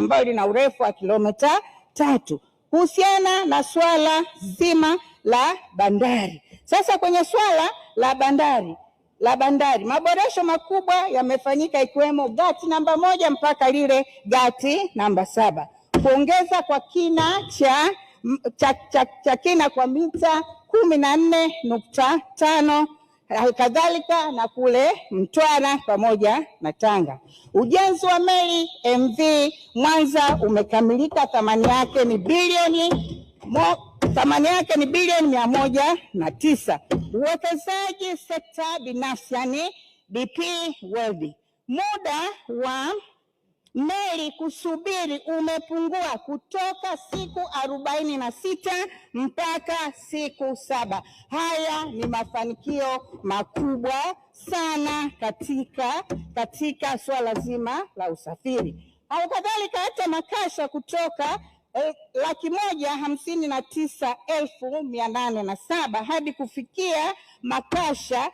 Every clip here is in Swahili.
ambayo lina urefu wa kilomita tatu kuhusiana na swala zima la bandari. Sasa kwenye swala la bandari la bandari maboresho makubwa yamefanyika ikiwemo gati namba moja mpaka lile gati namba saba kuongeza kwa kina cha, cha, cha, cha kina kwa mita kumi na nne nukta tano halikadhalika na kule Mtwara pamoja na Tanga. Ujenzi wa meli MV Mwanza umekamilika, thamani yake ni bilioni mo, thamani yake ni bilioni mia moja na tisa. Uwekezaji sekta binafsi, yani DP World, muda wa meli kusubiri umepungua kutoka siku arobaini na sita mpaka siku saba. Haya ni mafanikio makubwa sana katika katika swala zima la usafiri. kadhalika hata makasha kutoka eh, laki moja hamsini na tisa elfu mia nane na saba hadi kufikia makasha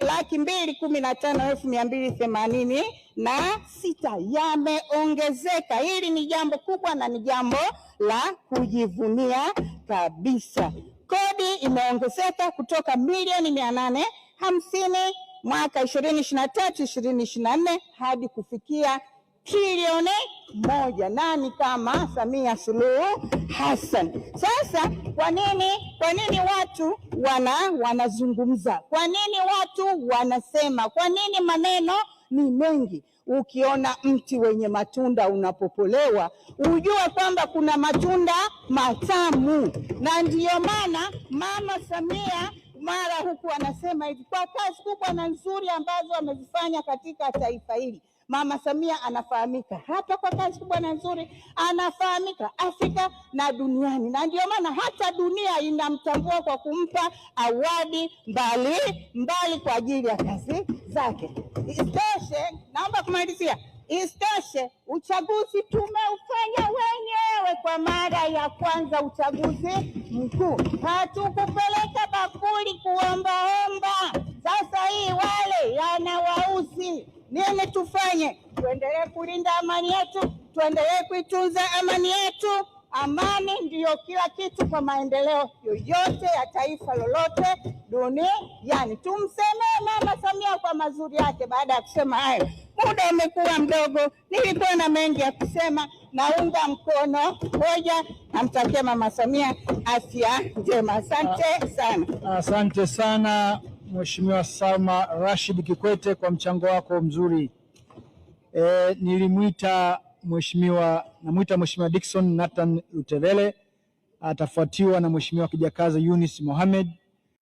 laki mbili kumi na tano elfu mia mbili themanini na sita yameongezeka. Hili ni jambo kubwa na ni jambo la kujivunia kabisa. Kodi imeongezeka kutoka milioni mia nane hamsini mwaka ishirini ishirini na tatu ishirini ishirini na nne hadi kufikia trilioni moja. Nani kama Samia Suluhu Hassan? Sasa kwa nini, kwa nini watu wana wanazungumza? Kwa nini watu wanasema? Kwa nini maneno ni mengi? Ukiona mti wenye matunda unapopolewa, ujue kwamba kuna matunda matamu, na ndiyo maana Mama Samia mara huku anasema hivi, kwa kazi kubwa na nzuri ambazo amezifanya katika taifa hili Mama Samia anafahamika hapa kwa kazi kubwa na nzuri, anafahamika Afrika na duniani, na ndio maana hata dunia inamtambua kwa kumpa awadi mbali mbali kwa ajili ya kazi zake. Isitoshe, naomba kumalizia, isitoshe uchaguzi tumeufanya wenyewe kwa mara ya kwanza, uchaguzi mkuu. Hatukupeleka bakuli kuomba nini tufanye? Tuendelee kulinda amani yetu, tuendelee kuitunza amani yetu. Amani ndiyo kila kitu kwa maendeleo yoyote ya taifa lolote duniani. Tumsemee Mama Samia kwa mazuri yake. Baada ya kusema hayo, muda umekuwa mdogo, nilikuwa na mengi ya kusema. Naunga mkono hoja, namtakia Mama Samia afya njema. Asante sana, asante sana. Mheshimiwa Salma Rashid Kikwete kwa mchango wako mzuri. E, nilimwita mheshimiwa, namwita Mheshimiwa Dickson Nathan Lutevele, atafuatiwa na Mheshimiwa Kijakazi Yunis Mohamed